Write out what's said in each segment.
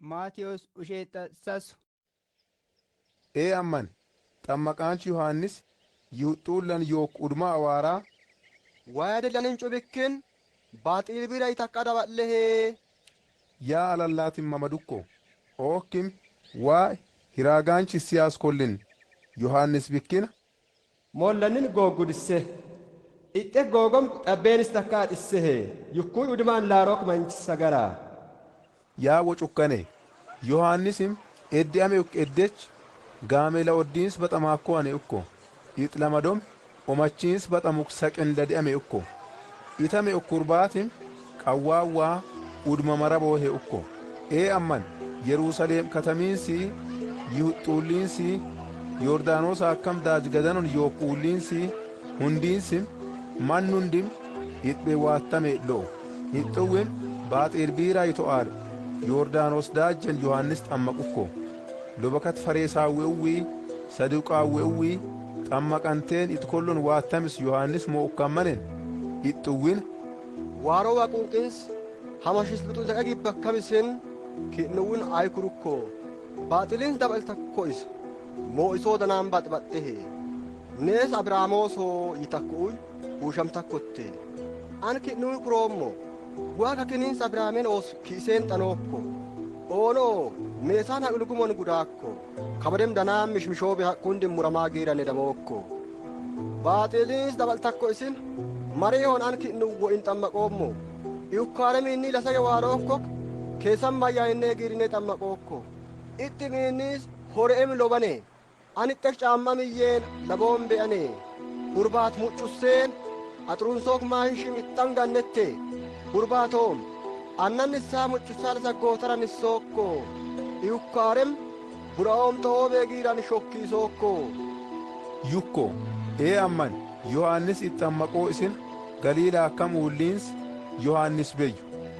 Maatiyos usheetta sasu. Ee amman Dammaqaanchi Yohaannis yuuxxuullan yooqudhuma awaaraa. Waaya dalanin cubikkeen baaxii bira takka dabalehee. Yaa alallaatin mamadukko ookkim waa hiraagaanchi siyaas kollin Yohaannis bikkina. Mollanin googgudisse itte googom dhabbeenis takka dhissehee yukkuu dhudumaan laarook manchisa garaa. yaa'u cukkane yohaannisim eddeame eddech gaamela oddiins baxamaakko ane ukko it lamadom omachiins baxamuk lade'ame ukko itame ukkurbaatim qawwaawwaa udmamara boohe ukko ee amman yeruusaleem katamiinsi yuhuxxuulliinsi yordaanoos akkam daajgadanon yookkuulliinsi hundiinsim mannundim iphee waattame lo'o hixxuwim baaxeer biiraa yito'aadha ዮርዳኖስ ዳጀል ዮሐንስ ጠመቁኮ ሎበከት ፈሬሳዌዊ ሰዱቃዌዊ ጠመቀንቴን ኢትኮሎን ዋተምስ ዮሐንስ ሞኡካመኔን ኢጥዊን ዋሮ ዋቁንቅስ ሐመሽስ ልጡ ዘቀጊ በከብስን ኪእንውን አይኩሩኮ ባጢልን ደበልተኮይስ ሞኢሶ ደናም ባጥባጤሄ ኔስ አብራሞሶ ይተኩኡይ ውሸምተኮቴ አንኪእንውን ኩሮሞ waan hakiniin sabraamenoos kiiseen xanookko oonoo meesaan haqlugumon gudaakko kabadem danaan mishmishoobe hakkundin muramaa giirane damookko baaxiiliinis dabaltakko isin maree honaan kinnu wo'in xammaqoommo iukkaaremiinni lasaye waarookko keessan mayyaainnee giirine xammaqookko itti miinniis hore'em lobane anixxesh caammamiyyeen laboon be'ane gurbaat muccusseen axurunsook maahishin ixxan gannette ቡርባቶም አናንሳ ሙጩሳል ሰጎተራን ሶኮ ኢዩካሬም ቡራኦም ተሆቤ ጊራን ሾኪሶኮ ዩኮ ኤ አማን ዮሐንስ ይጠመቆ እስን ገሊላ አካም ውሊንስ ዮሐንስ በዩ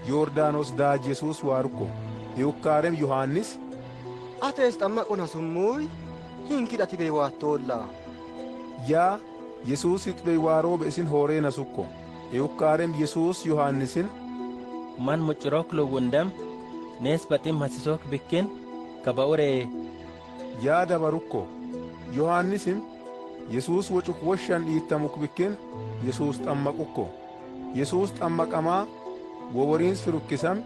ዮርዳኖስ ዳ ጄሱስ ዋርኮ ኢዩካሬም ዮሐንስ አቴስ ጠመቆና ሱሙይ ሂንኪዳቲ ቤዋቶላ ያ ኢየሱስ ይጥበይ ዋሮ በእስን ሆሬ ነሱኮ የውቃሬም ኢየሱስ ዮሐንስን ማን ሙጭሮክ ለወንደም ኔስ በጢም ሐሲሶክ ብክን ከበኡሬ ያደበሩኮ ዮሐንስም የሱስ ወጩክ ወሻን ኢተሙክ ብክን የሱስ ጠመቁኮ ኢየሱስ ጠመቀማ ወወሪን ስሩክሰም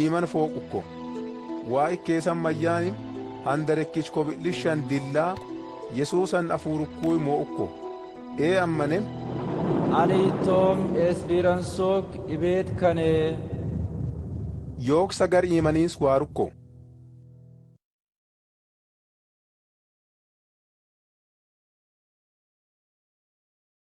ኢመን ፎቁኮ ዋይ ኬሰም መያንም አንደረኪች ኮብልሻን ዲላ ኢየሱስን አፉሩኩይ ሞኡኮ ኤ አመኔም Aliittoom esbiransook ibeet Kane. Yooksa sagar iimaniis waa